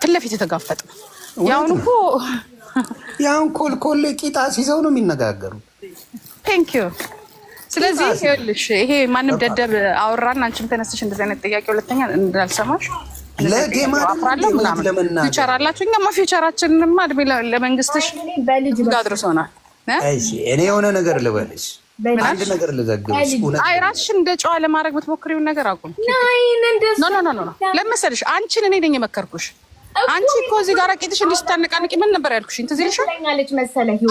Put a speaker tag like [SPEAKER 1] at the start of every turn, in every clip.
[SPEAKER 1] ፊት ለፊት የተጋፈጥ ያሁን እኮ
[SPEAKER 2] ያሁን ኮልኮሌ ቂጣ ሲዘው ነው የሚነጋገሩ።
[SPEAKER 1] ቴንክ ዩ። ስለዚህ ይኸውልሽ ይሄ ማንም ደደብ አወራን፣ አንቺም ተነስሽ እንደዚህ አይነት ጥያቄ ሁለተኛ እንዳልሰማሽ ፊውቸር አላችሁ። እኛማ ፊውቸራችንማ እድሜ ለመንግስትሽ አድርሶናል።
[SPEAKER 2] እኔ የሆነ ነገር ልበልሽ አንድ ነገር ልዘግብሽ።
[SPEAKER 1] አይ ራስሽን እንደ ጨዋ ለማድረግ የምትሞክሪውን ነገር አቁም። ለመሰልሽ አንቺን እኔ ነኝ የመከርኩሽ አንቺ እኮ እዚህ ጋር ቂጥሽ እንዲህ ምን ነበር ያልኩሽ? ትዝ ይልሻል።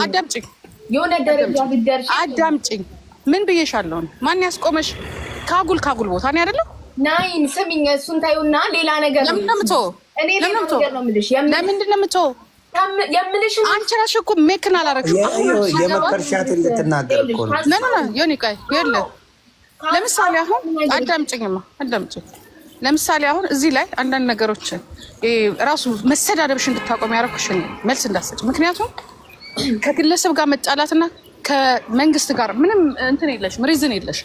[SPEAKER 1] አዳምጪኝ፣ አዳምጪኝ። ምን ብዬሻለሁ? ማን ያስቆመሽ? ካጉል ካጉል ቦታ ነው አይደለሁ።
[SPEAKER 3] ናይን ስሚኝ፣ እሱን ታዩና ሌላ ነገር
[SPEAKER 1] ለምን ነው የምትሆው? ለምንድን ነው የምትሆው? አንቺ እራስሽ እኮ ሜክን አላረግሽም።
[SPEAKER 2] የመከርሻት ልትናገር እኮ
[SPEAKER 1] ነው። ለምሳሌ አሁን አዳምጪኝማ፣ አዳምጪኝ ለምሳሌ አሁን እዚህ ላይ አንዳንድ ነገሮችን ራሱ መሰዳደብሽ እንድታቆም ያደረኩሽን መልስ እንዳሰጭ። ምክንያቱም ከግለሰብ ጋር መጣላትና ከመንግስት ጋር ምንም እንትን የለሽም፣ ሪዝን የለሽ።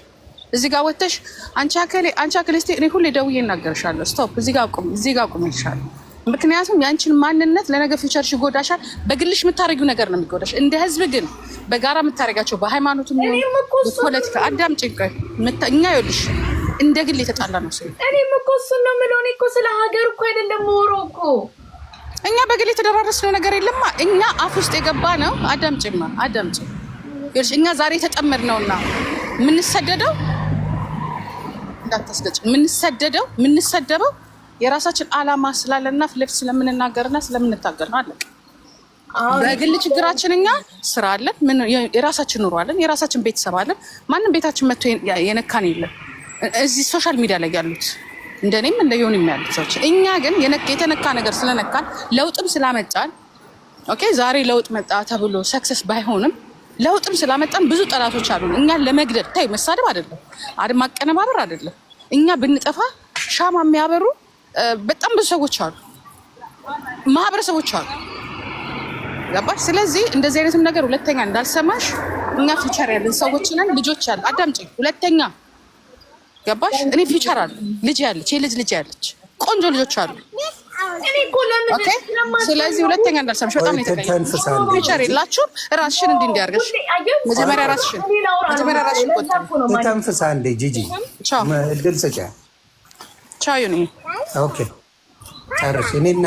[SPEAKER 1] እዚህ ጋር ወጥተሽ አንቺ አከሌ አንቺ አከሌ ስ እኔ ሁሌ ደውዬ እናገርሻለሁ። ስቶፕ፣ እዚህ ጋር ቁም፣ እዚህ ጋር ቁም ይልሻለሁ። ምክንያቱም ያንቺን ማንነት ለነገ ፊውቸርሽ ይጎዳሻል። በግልሽ የምታደርጊው ነገር ነው የሚጎዳሽ። እንደ ህዝብ ግን በጋራ የምታደርጋቸው በሃይማኖትም ፖለቲካ አዳም ጭንቀ እኛ ይኸውልሽ እንደ ግል የተጣላ ነው።
[SPEAKER 3] እኔም እኮ እሱን ነው የምለው። እኔ እኮ ስለ ሀገር እኮ አይደለም ሞሮ እኮ
[SPEAKER 1] እኛ በግል የተደራረስነው ነገር የለማ። እኛ አፍ ውስጥ የገባ ነው። አዳምጪማ፣ አዳምጪ። እኛ ዛሬ እና የምንሰደደው እንዳታስገጭ፣ የምንሰደደው የምንሰደበው የራሳችን አላማ ስላለና ፊት ስለምንናገርና ስለምንታገር ነው። አለቀ። በግል ችግራችን እኛ ስራ አለን፣ የራሳችን ኑሮ አለን፣ የራሳችን ቤተሰብ አለን። ማንም ቤታችን መጥቶ የነካን የለን። እዚህ ሶሻል ሚዲያ ላይ ያሉት እንደኔም እንደ ዮኒም ያሉት ሰዎች እኛ ግን የተነካ ነገር ስለነካን ለውጥም ስላመጣን ኦኬ ዛሬ ለውጥ መጣ ተብሎ ሰክሰስ ባይሆንም ለውጥም ስላመጣን ብዙ ጠላቶች አሉ እኛን ለመግደል ታይ መሳደብ አይደለም፣ አድ ማቀነባበር አይደለም። እኛ ብንጠፋ ሻማ የሚያበሩ በጣም ብዙ ሰዎች አሉ፣ ማህበረሰቦች አሉ። ገባሽ? ስለዚህ እንደዚህ አይነትም ነገር ሁለተኛ እንዳልሰማሽ እኛ ፊቸር ያለን ሰዎች ነን። ልጆች አሉ። አዳምጪኝ። ሁለተኛ ገባሽ? እኔ ፊቸር አለ ልጅ ያለች የልጅ ልጅ ያለች ቆንጆ ልጆች አሉ። ስለዚህ ሁለተኛ እንዳልሰምሽ በጣም ፊውቸር የላችሁም። ራስሽን እንዲህ እንዲያርገሽ መጀመሪያ ራስሽን መጀመሪያ ራስሽን
[SPEAKER 2] ተንፍሳ እንዴ ጂጂ እድል ስጫ ቻዩን ኦኬ ጨርሽ። እኔና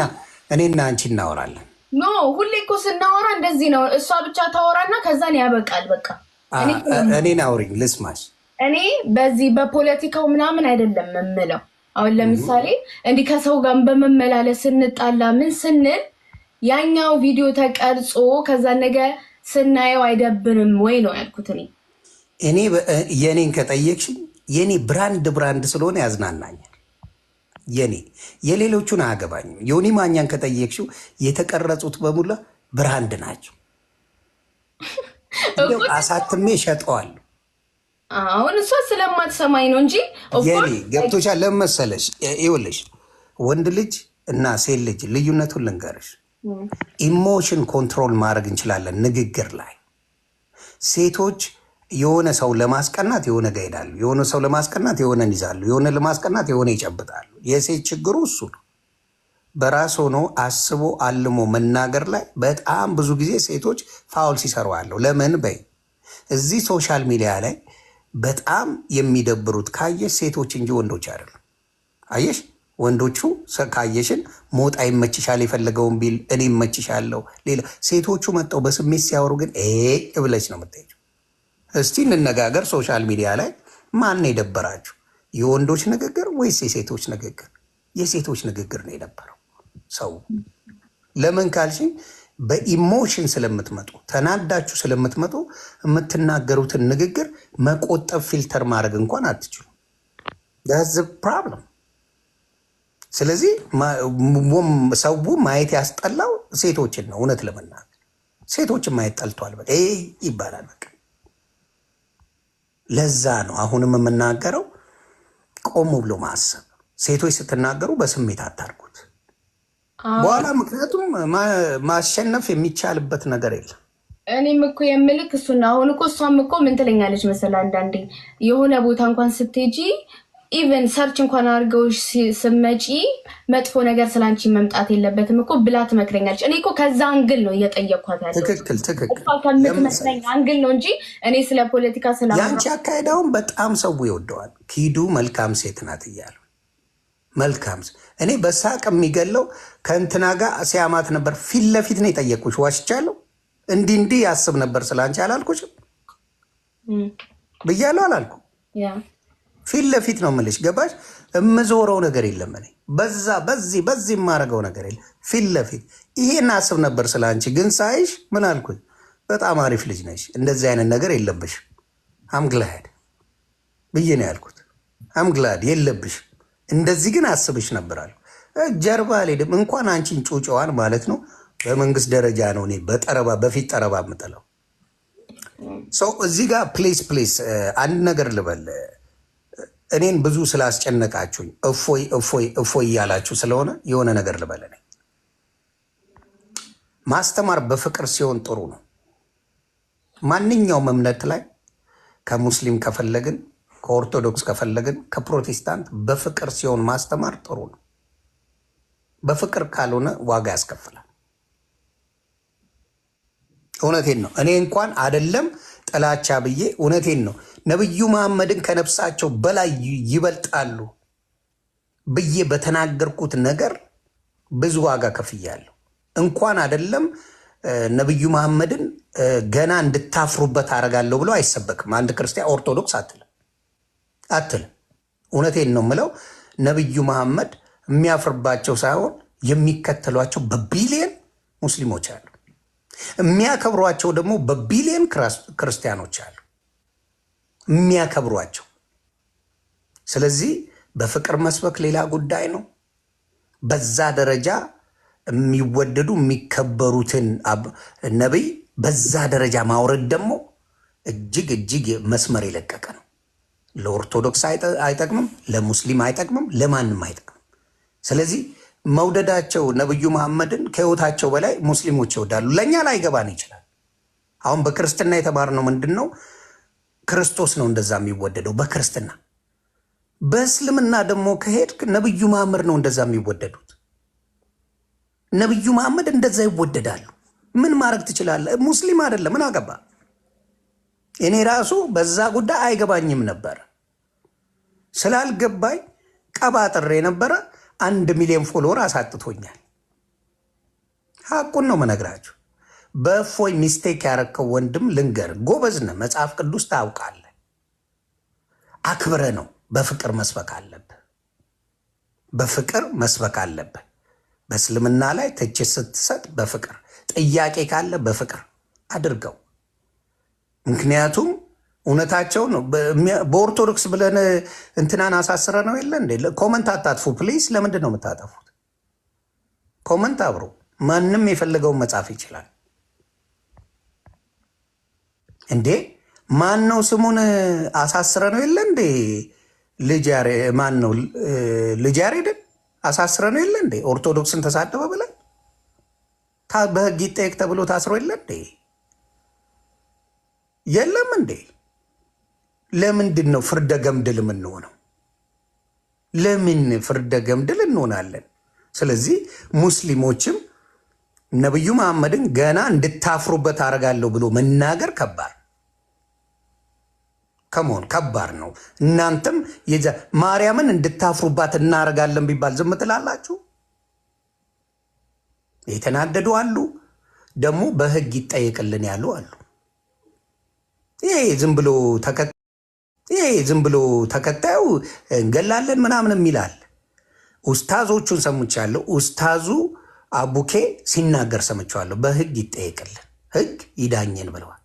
[SPEAKER 2] እኔና አንቺ እናወራለን።
[SPEAKER 3] ኖ ሁሌ እኮ ስናወራ እንደዚህ ነው። እሷ ብቻ ታወራና ከዛ ያበቃል። በቃ
[SPEAKER 2] እኔን አውሪኝ ልስማሽ
[SPEAKER 3] እኔ በዚህ በፖለቲካው ምናምን አይደለም የምለው። አሁን ለምሳሌ እንዲህ ከሰው ጋር በመመላለስ ስንጣላ ምን ስንል ያኛው ቪዲዮ ተቀርጾ ከዛ ነገ ስናየው አይደብርም ወይ ነው ያልኩት። እኔ
[SPEAKER 2] እኔ የኔን ከጠየቅሽ የኔ ብራንድ ብራንድ ስለሆነ ያዝናናኛል። የኔ የሌሎቹን አያገባኝም። ዮኒ ማኛን ከጠየቅሽው የተቀረጹት በሙላ ብራንድ ናቸው። አሳትሜ ሸጠዋል።
[SPEAKER 3] አሁን እሷ ስለማትሰማኝ ነው እንጂ
[SPEAKER 2] የኔ ገብቶሻል። ለምን መሰለሽ? ይኸውልሽ ወንድ ልጅ እና ሴት ልጅ ልዩነቱን ልንገርሽ፣ ኢሞሽን ኮንትሮል ማድረግ እንችላለን ንግግር ላይ። ሴቶች የሆነ ሰው ለማስቀናት የሆነ ጋ የሆነ ሰው ለማስቀናት የሆነ ይዛሉ፣ የሆነ ለማስቀናት የሆነ ይጨብጣሉ። የሴት ችግሩ እሱ ነው። በራስ ሆኖ አስቦ አልሞ መናገር ላይ በጣም ብዙ ጊዜ ሴቶች ፋውል ሲሰሩ አለው። ለምን በይ እዚህ ሶሻል ሚዲያ ላይ በጣም የሚደብሩት ካየሽ ሴቶች እንጂ ወንዶች አይደለም። አየሽ ወንዶቹ ካየሽን ሞጣ ይመችሻል የፈለገውን ቢል እኔ ይመችሻለሁ። ሌላ ሴቶቹ መጠው በስሜት ሲያወሩ ግን ብለች ነው የምትሄጂው። እስቲ እንነጋገር። ሶሻል ሚዲያ ላይ ማን ነው የደበራችሁ? የወንዶች ንግግር ወይስ የሴቶች ንግግር? የሴቶች ንግግር ነው የነበረው ሰው ለምን ካልሽኝ በኢሞሽን ስለምትመጡ ተናዳችሁ ስለምትመጡ የምትናገሩትን ንግግር መቆጠብ ፊልተር ማድረግ እንኳን አትችሉ። ዳዝ ፕሮብለም። ስለዚህ ሰው ማየት ያስጠላው ሴቶችን ነው። እውነት ለመናገር ሴቶችን ማየት ጠልቷል ይባላል። በቃ ለዛ ነው አሁንም የምናገረው ቆም ብሎ ማሰብ። ሴቶች ስትናገሩ በስሜት አታርጉ። በኋላ ምክንያቱም ማሸነፍ የሚቻልበት ነገር የለም።
[SPEAKER 3] እኔም እኮ የምልክ እሱና አሁን እኮ እሷም እኮ ምን ትለኛለች መሰለህ፣ አንዳንዴ የሆነ ቦታ እንኳን ስትሄጂ ኢቨን ሰርች እንኳን አድርገውሽ ስመጪ መጥፎ ነገር ስላንቺ መምጣት የለበትም እኮ ብላ ትመክረኛለች። እኔ እኮ ከዛ አንግል ነው እየጠየቅኳት ያለ
[SPEAKER 2] ትክክል ትክክል
[SPEAKER 3] ከምትመስለኝ አንግል ነው እንጂ እኔ ስለ ፖለቲካ ስላ
[SPEAKER 2] ያንቺ አካሄዳውን በጣም ሰው ይወደዋል። ኪዱ መልካም ሴት ናት እያሉ መልካም እኔ በሳቅ የሚገለው ከእንትና ጋር ሲያማት ነበር። ፊት ለፊት ነው የጠየቅኩሽ። ዋሽቻለሁ። እንዲህ እንዲህ ያስብ ነበር ስለአንቺ አንቺ አላልኩሽም? ብያለሁ አላልኩ? ፊት ለፊት ነው የምልሽ። ገባሽ? የምዞረው ነገር የለም እኔ በዛ በዚህ በዚህ የማደርገው ነገር የለ። ፊት ለፊት ይሄን አስብ ነበር ስለአንቺ ግን ሳይሽ ምን አልኩኝ? በጣም አሪፍ ልጅ ነሽ፣ እንደዚህ አይነት ነገር የለብሽ። አምግላድ ብዬ ነው ያልኩት። አምግላድ የለብሽ እንደዚህ ግን አስብሽ ነበራለሁ። ጀርባ አልሄድም። እንኳን አንቺን ጩጨዋን ማለት ነው በመንግስት ደረጃ ነው። እኔ በጠረባ በፊት ጠረባ ምጥለው ሰው እዚህ ጋር ፕሌስ ፕሌስ አንድ ነገር ልበል። እኔን ብዙ ስላስጨነቃችሁኝ እፎይ እፎይ እፎይ እያላችሁ ስለሆነ የሆነ ነገር ልበል። እኔ ማስተማር በፍቅር ሲሆን ጥሩ ነው። ማንኛውም እምነት ላይ ከሙስሊም ከፈለግን ከኦርቶዶክስ ከፈለግን ከፕሮቴስታንት በፍቅር ሲሆን ማስተማር ጥሩ ነው። በፍቅር ካልሆነ ዋጋ ያስከፍላል። እውነቴን ነው። እኔ እንኳን አደለም ጥላቻ ብዬ እውነቴን ነው። ነቢዩ መሐመድን ከነፍሳቸው በላይ ይበልጣሉ ብዬ በተናገርኩት ነገር ብዙ ዋጋ ከፍያለሁ። እንኳን አደለም ነቢዩ መሐመድን ገና እንድታፍሩበት አደርጋለሁ ብሎ አይሰበክም። አንድ ክርስቲያን ኦርቶዶክስ አትልም። አትል። እውነቴን ነው የምለው። ነቢዩ መሐመድ የሚያፍርባቸው ሳይሆን የሚከተሏቸው በቢሊየን ሙስሊሞች አሉ። የሚያከብሯቸው ደግሞ በቢሊየን ክርስቲያኖች አሉ የሚያከብሯቸው። ስለዚህ በፍቅር መስበክ ሌላ ጉዳይ ነው። በዛ ደረጃ የሚወደዱ የሚከበሩትን ነቢይ በዛ ደረጃ ማውረድ ደግሞ እጅግ እጅግ መስመር የለቀቀ ነው። ለኦርቶዶክስ አይጠቅምም፣ ለሙስሊም አይጠቅምም፣ ለማንም አይጠቅምም። ስለዚህ መውደዳቸው ነብዩ መሐመድን ከህይወታቸው በላይ ሙስሊሞች ይወዳሉ። ለእኛ ላይገባን ይችላል። አሁን በክርስትና የተማርነው ምንድን ነው? ክርስቶስ ነው እንደዛ የሚወደደው በክርስትና። በእስልምና ደግሞ ከሄድክ ነብዩ መሐመድ ነው እንደዛ የሚወደዱት። ነብዩ መሐመድ እንደዛ ይወደዳሉ። ምን ማድረግ ትችላለህ? ሙስሊም አይደለም ምን አገባ? እኔ ራሱ በዛ ጉዳይ አይገባኝም ነበር። ስላልገባኝ ቀባጥሬ የነበረ አንድ ሚሊዮን ፎሎወር አሳጥቶኛል። ሀቁን ነው መነግራችሁ። በእፎይ ሚስቴክ ያረከው ወንድም ልንገር፣ ጎበዝ መጽሐፍ ቅዱስ ታውቃለ አክብረ ነው። በፍቅር መስበክ አለብ። በፍቅር መስበክ አለብ። በእስልምና ላይ ትችት ስትሰጥ በፍቅር ጥያቄ ካለ በፍቅር አድርገው። ምክንያቱም እውነታቸው ነው። በኦርቶዶክስ ብለን እንትናን አሳስረ ነው የለ እንዴ? ኮመንት አታጥፉ ፕሊስ። ለምንድን ነው የምታጠፉት? ኮመንት አብሮ ማንም የፈለገውን መጻፍ ይችላል እንዴ? ማን ነው ስሙን አሳስረ ነው የለ እንዴ? ልጅ ማን ነው ልጅ ያሬድን አሳስረ ነው የለ እንዴ? ኦርቶዶክስን ተሳደበ ብለን በህግ ይጠየቅ ተብሎ ታስሮ የለ እንዴ? የለም እንዴ? ለምንድን ነው ፍርደ ገምድል የምንሆነው? ለምን ፍርደ ገምድል እንሆናለን? ስለዚህ ሙስሊሞችም ነቢዩ መሐመድን ገና እንድታፍሩበት አደርጋለሁ ብሎ መናገር ከባድ ከመሆን ከባድ ነው። እናንተም ማርያምን እንድታፍሩባት እናደርጋለን ቢባል ዝም ትላላችሁ? የተናደዱ አሉ፣ ደግሞ በህግ ይጠየቅልን ያሉ አሉ። ይሄ ዝም ብሎ ተከ ይሄ ዝም ብሎ ተከታዩ እንገላለን ምናምንም ይላል። ኡስታዞቹን ሰምቻለሁ። ኡስታዙ አቡኬ ሲናገር ሰምቸዋለሁ። በህግ ይጠየቅልን፣ ህግ ይዳኘን ብለዋል።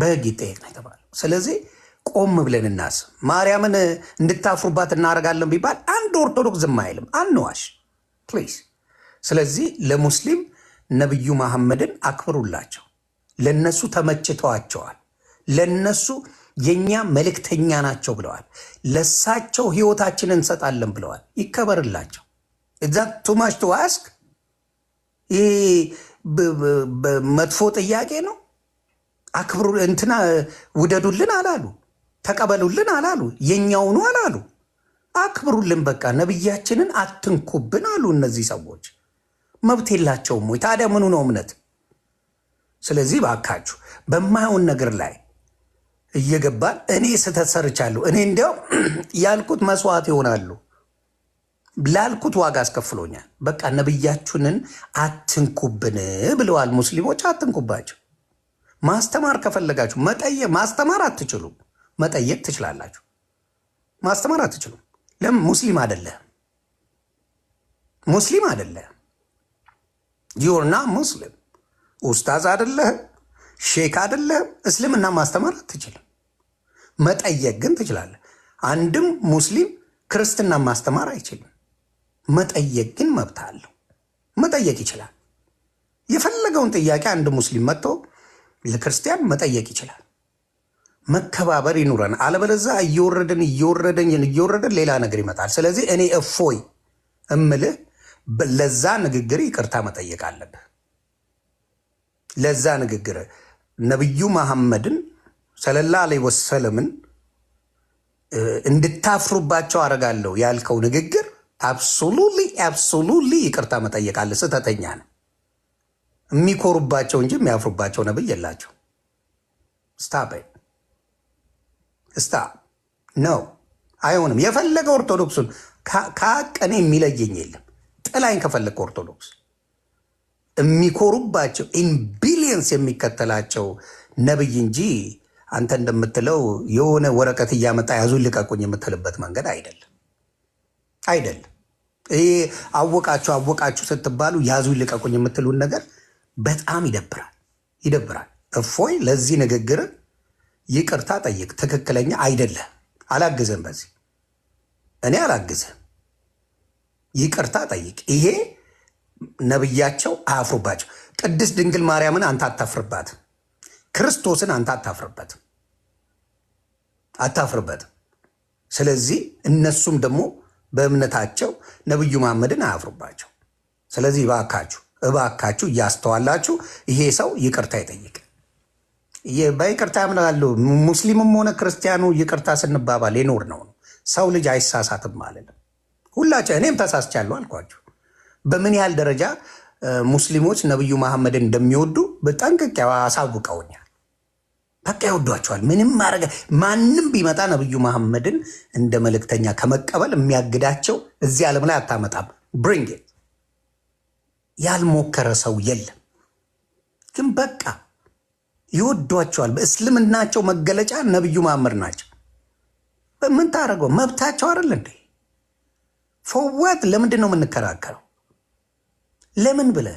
[SPEAKER 2] በህግ ይጠየቅ ነው የተባለው። ስለዚህ ቆም ብለን እናስብ። ማርያምን እንድታፍሩባት እናደርጋለን ቢባል አንድ ኦርቶዶክስ ዝም አይልም። አንዋሽ ፕሊዝ። ስለዚህ ለሙስሊም ነቢዩ መሐመድን አክብሩላቸው። ለነሱ ተመችተዋቸዋል። ለነሱ የኛ መልእክተኛ ናቸው ብለዋል። ለሳቸው ህይወታችንን እንሰጣለን ብለዋል። ይከበርላቸው። እዛ ቱማሽ ቱዋስክ ይህ መጥፎ ጥያቄ ነው። አክብሩ እንትና ውደዱልን አላሉ፣ ተቀበሉልን አላሉ፣ የእኛውኑ አላሉ። አክብሩልን በቃ ነብያችንን አትንኩብን አሉ። እነዚህ ሰዎች መብት የላቸውም ወይ ታዲያ? ምኑ ነው እምነት? ስለዚህ ባካችሁ በማየውን ነገር ላይ እየገባን እኔ ስህተት ሰርቻለሁ፣ እኔ እንዲያው ያልኩት መስዋዕት ይሆናሉ ላልኩት ዋጋ አስከፍሎኛል። በቃ ነብያችንን አትንኩብን ብለዋል። ሙስሊሞች አትንኩባቸው። ማስተማር ከፈለጋችሁ መጠየቅ ማስተማር አትችሉም። መጠየቅ ትችላላችሁ። ማስተማር አትችሉም። ለምን? ሙስሊም አደለ ሙስሊም አደለ ዩርና ሙስሊም ኡስታዝ አይደለህም። ሼክ አይደለህም። እስልምና ማስተማር አትችልም፣ መጠየቅ ግን ትችላለህ። አንድም ሙስሊም ክርስትና ማስተማር አይችልም፣ መጠየቅ ግን መብት አለው። መጠየቅ ይችላል። የፈለገውን ጥያቄ አንድ ሙስሊም መጥቶ ለክርስቲያን መጠየቅ ይችላል። መከባበር ይኑረን። አለበለዛ እየወረደን እየወረድን እየወረደን ሌላ ነገር ይመጣል። ስለዚህ እኔ እፎይ እምልህ ለዛ ንግግር ይቅርታ መጠየቅ አለብህ። ለዛ ንግግር ነቢዩ መሐመድን ሰለላ ዐለይሂ ወሰለምን እንድታፍሩባቸው አደርጋለሁ ያልከው ንግግር አብሶሉሊ አብሶሉሊ ይቅርታ መጠየቃለ ስህተተኛ ነው። የሚኮሩባቸው እንጂ የሚያፍሩባቸው ነብይ የላቸው። ስታ ስታ ነው። አይሆንም። የፈለገ ኦርቶዶክሱን ከቀኔ የሚለየኝ የለም። ጥላይን ከፈለግ ኦርቶዶክስ የሚኮሩባቸው ኢን ቢሊየንስ የሚከተላቸው ነብይ እንጂ አንተ እንደምትለው የሆነ ወረቀት እያመጣ ያዙን ልቀቁኝ የምትልበት መንገድ አይደለም አይደለም። ይሄ አወቃችሁ አወቃችሁ ስትባሉ ያዙ ልቀቁኝ የምትሉን ነገር በጣም ይደብራል ይደብራል። እፎይ ለዚህ ንግግር ይቅርታ ጠይቅ። ትክክለኛ አይደለም። አላግዘም በዚህ እኔ አላግዘም። ይቅርታ ጠይቅ። ይሄ ነብያቸው አያፍሩባቸው። ቅድስት ድንግል ማርያምን አንተ አታፍርባት፣ ክርስቶስን አንተ አታፍርበት አታፍርበት። ስለዚህ እነሱም ደግሞ በእምነታቸው ነብዩ መሐመድን አያፍሩባቸው። ስለዚህ እባካችሁ እባካችሁ እያስተዋላችሁ ይሄ ሰው ይቅርታ ይጠይቅ። በይቅርታ ያምናሉ። ሙስሊምም ሆነ ክርስቲያኑ ይቅርታ ስንባባል የኖር ነው። ሰው ልጅ አይሳሳትም ማለት ሁላቸው እኔም ተሳስቻለሁ አልኳችሁ። በምን ያህል ደረጃ ሙስሊሞች ነብዩ መሐመድን እንደሚወዱ በጠንቅቅ አሳውቀውኛል። በቃ ይወዷቸዋል። ምንም ማድረግ ማንም ቢመጣ ነብዩ መሐመድን እንደ መልእክተኛ ከመቀበል የሚያግዳቸው እዚህ ዓለም ላይ አታመጣም። ብሪንግ ያልሞከረ ሰው የለም። ግን በቃ ይወዷቸዋል። በእስልምናቸው መገለጫ ነብዩ መሐመድ ናቸው። በምን ታደረገው መብታቸው አይደል እንዴ? ፎዋት ለምንድን ነው የምንከራከረው? ለምን ብለ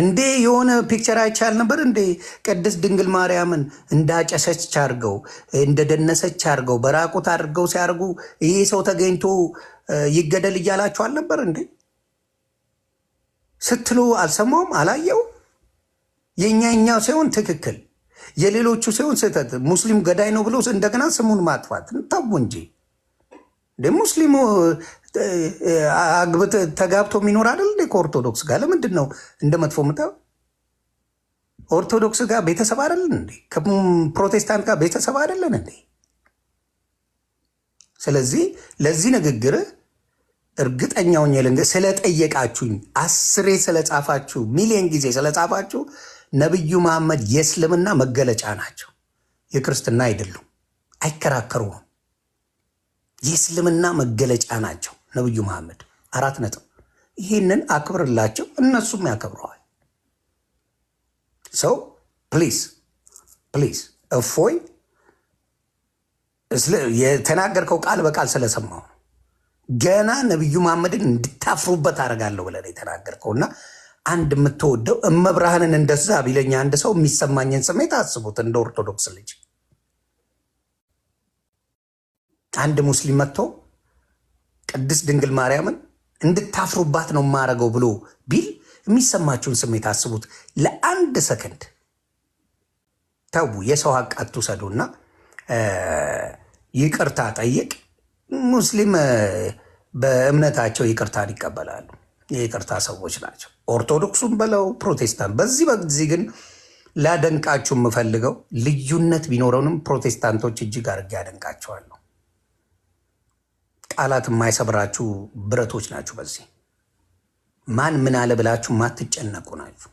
[SPEAKER 2] እንዴ የሆነ ፒክቸር አይቻል ነበር እንዴ? ቅድስት ድንግል ማርያምን እንዳጨሰች አድርገው እንደደነሰች አድርገው በራቁት አድርገው ሲያርጉ ይሄ ሰው ተገኝቶ ይገደል እያላችሁ አልነበር እንዴ ስትሉ አልሰማውም? አላየው የእኛ ሲሆን ትክክል የሌሎቹ ሲሆን ስህተት ሙስሊም ገዳይ ነው ብሎ እንደገና ስሙን ማጥፋት ተው እንጂ ሙስሊሙ አግብት ተጋብቶ የሚኖር አይደል እንዴ? ከኦርቶዶክስ ጋር ለምንድን ነው እንደ መጥፎ ምታ? ኦርቶዶክስ ጋር ቤተሰብ አይደለን እንዴ? ከፕሮቴስታንት ጋር ቤተሰብ አይደለን እንዴ? ስለዚህ ለዚህ ንግግር እርግጠኛውን የልንገ ስለጠየቃችሁኝ፣ አስሬ ስለጻፋችሁ፣ ሚሊዮን ጊዜ ስለጻፋችሁ ነቢዩ መሐመድ የእስልምና መገለጫ ናቸው፣ የክርስትና አይደሉም። አይከራከሩም። የእስልምና መገለጫ ናቸው። ነብዩ መሐመድ አራት ነጥብ። ይህንን አክብርላቸው፣ እነሱም ያከብረዋል። ሰው ፕሊዝ ፕሊዝ እፎይ የተናገርከው ቃል በቃል ስለሰማው ነው። ገና ነብዩ መሐመድን እንድታፍሩበት አደርጋለሁ ብለን የተናገርከው እና አንድ የምትወደው እመብርሃንን እንደዛ ቢለኝ አንድ ሰው የሚሰማኝን ስሜት አስቡት። እንደ ኦርቶዶክስ ልጅ አንድ ሙስሊም መጥቶ ቅድስት ድንግል ማርያምን እንድታፍሩባት ነው የማረገው ብሎ ቢል የሚሰማችሁን ስሜት አስቡት። ለአንድ ሰከንድ ተው፣ የሰው ሀቅ አትውሰዱና ይቅርታ ጠይቅ። ሙስሊም በእምነታቸው ይቅርታን ይቀበላሉ። የይቅርታ ሰዎች ናቸው። ኦርቶዶክሱም በለው ፕሮቴስታንት። በዚህ በጊዜ ግን ላደንቃችሁ የምፈልገው ልዩነት ቢኖረንም ፕሮቴስታንቶች እጅግ አድርጌ አደንቃቸዋለሁ። ቃላት የማይሰብራችሁ ብረቶች ናችሁ። በዚህ ማን ምን አለ ብላችሁ ማትጨነቁ ናችሁ።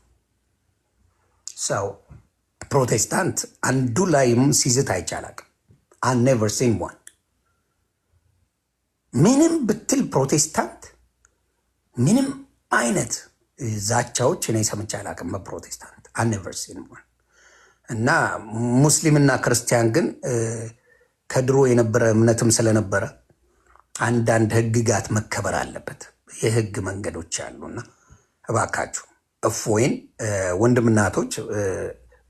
[SPEAKER 2] ሰው ፕሮቴስታንት አንዱ ላይም ሲዝት አይቻላል። አኔቨር ሲን ዋን ምንም ብትል ፕሮቴስታንት ምንም አይነት ዛቻዎች እኔ ሰምቼ አላውቅም። በፕሮቴስታንት አኔቨር ሲን ዋን እና ሙስሊምና ክርስቲያን ግን ከድሮ የነበረ እምነትም ስለነበረ አንዳንድ ህግጋት መከበር አለበት። የህግ መንገዶች አሉና እባካችሁ እፎይን ወንድምናቶች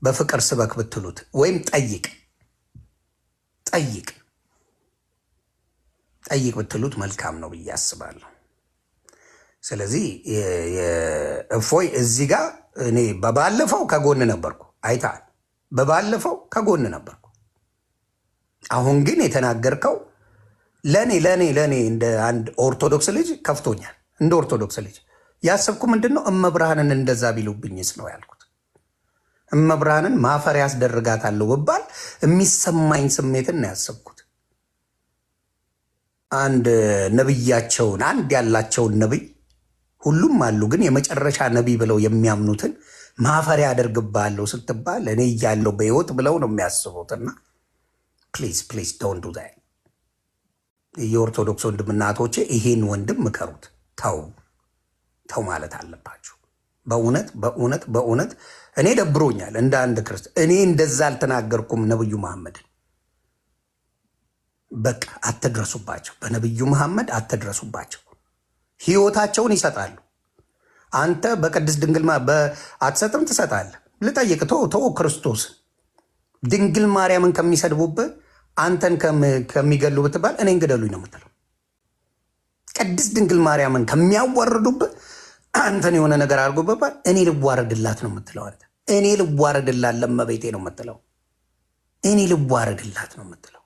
[SPEAKER 2] በፍቅር ስበክ ብትሉት ወይም ጠይቅ ጠይቅ ጠይቅ ብትሉት መልካም ነው ብዬ አስባለሁ። ስለዚህ እፎይ እዚህ ጋር እኔ በባለፈው ከጎን ነበርኩ፣ አይተሃል። በባለፈው ከጎን ነበርኩ። አሁን ግን የተናገርከው ለእኔ ለእኔ ለእኔ እንደ አንድ ኦርቶዶክስ ልጅ ከፍቶኛል። እንደ ኦርቶዶክስ ልጅ ያሰብኩ ምንድን ነው እመብርሃንን እንደዛ ቢሉብኝስ ነው ያልኩት። እመብርሃንን ማፈር ያስደርጋታለሁ ብባል የሚሰማኝ ስሜትን ነው ያሰብኩት። አንድ ነብያቸውን አንድ ያላቸውን ነቢይ ሁሉም አሉ፣ ግን የመጨረሻ ነቢይ ብለው የሚያምኑትን ማፈሪያ አደርግብሃለሁ ስትባል እኔ እያለሁ በህይወት ብለው ነው የሚያስቡትና ፕሊዝ ፕሊዝ ዶንት ዱ የኦርቶዶክስ ወንድምና እህቶቼ ይሄን ወንድም ምከሩት። ተው ተው ማለት አለባችሁ። በእውነት በእውነት በእውነት እኔ ደብሮኛል። እንደ አንድ ክርስት እኔ እንደዛ አልተናገርኩም። ነብዩ መሐመድን በቃ አትድረሱባቸው። በነብዩ መሐመድ አትድረሱባቸው። ህይወታቸውን ይሰጣሉ። አንተ በቅድስት ድንግል አትሰጥም፣ ትሰጣለህ። ልጠይቅ ተው ክርስቶስን ድንግል ማርያምን ከሚሰድቡብህ አንተን ከሚገሉ ብትባል እኔን ግደሉኝ ነው የምትለው። ቅድስት ድንግል ማርያምን ከሚያዋርዱብህ አንተን የሆነ ነገር አድርጎ ብባል እኔ ልዋረድላት ነው የምትለው። አንተ እኔ ልዋረድላት ለመቤቴ ነው የምትለው። እኔ ልዋረድላት ነው የምትለው።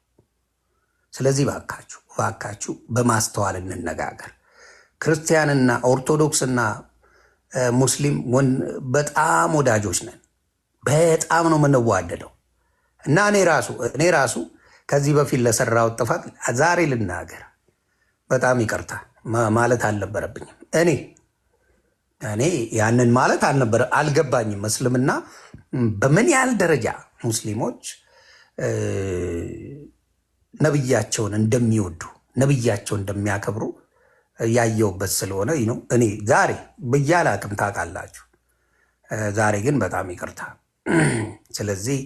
[SPEAKER 2] ስለዚህ ባካችሁ ባካችሁ በማስተዋል እንነጋገር። ክርስቲያንና ኦርቶዶክስና ሙስሊም በጣም ወዳጆች ነን። በጣም ነው የምንዋደደው እና እኔ ራሱ እኔ ራሱ ከዚህ በፊት ለሰራው ጥፋት ዛሬ ልናገር፣ በጣም ይቅርታ ማለት አልነበረብኝም። እኔ እኔ ያንን ማለት አልነበረ አልገባኝም። እስልምና በምን ያህል ደረጃ ሙስሊሞች ነብያቸውን እንደሚወዱ ነብያቸውን እንደሚያከብሩ ያየውበት ስለሆነ ነው። እኔ ዛሬ ብዬ አላቅም፣ ታውቃላችሁ። ዛሬ ግን በጣም ይቅርታ። ስለዚህ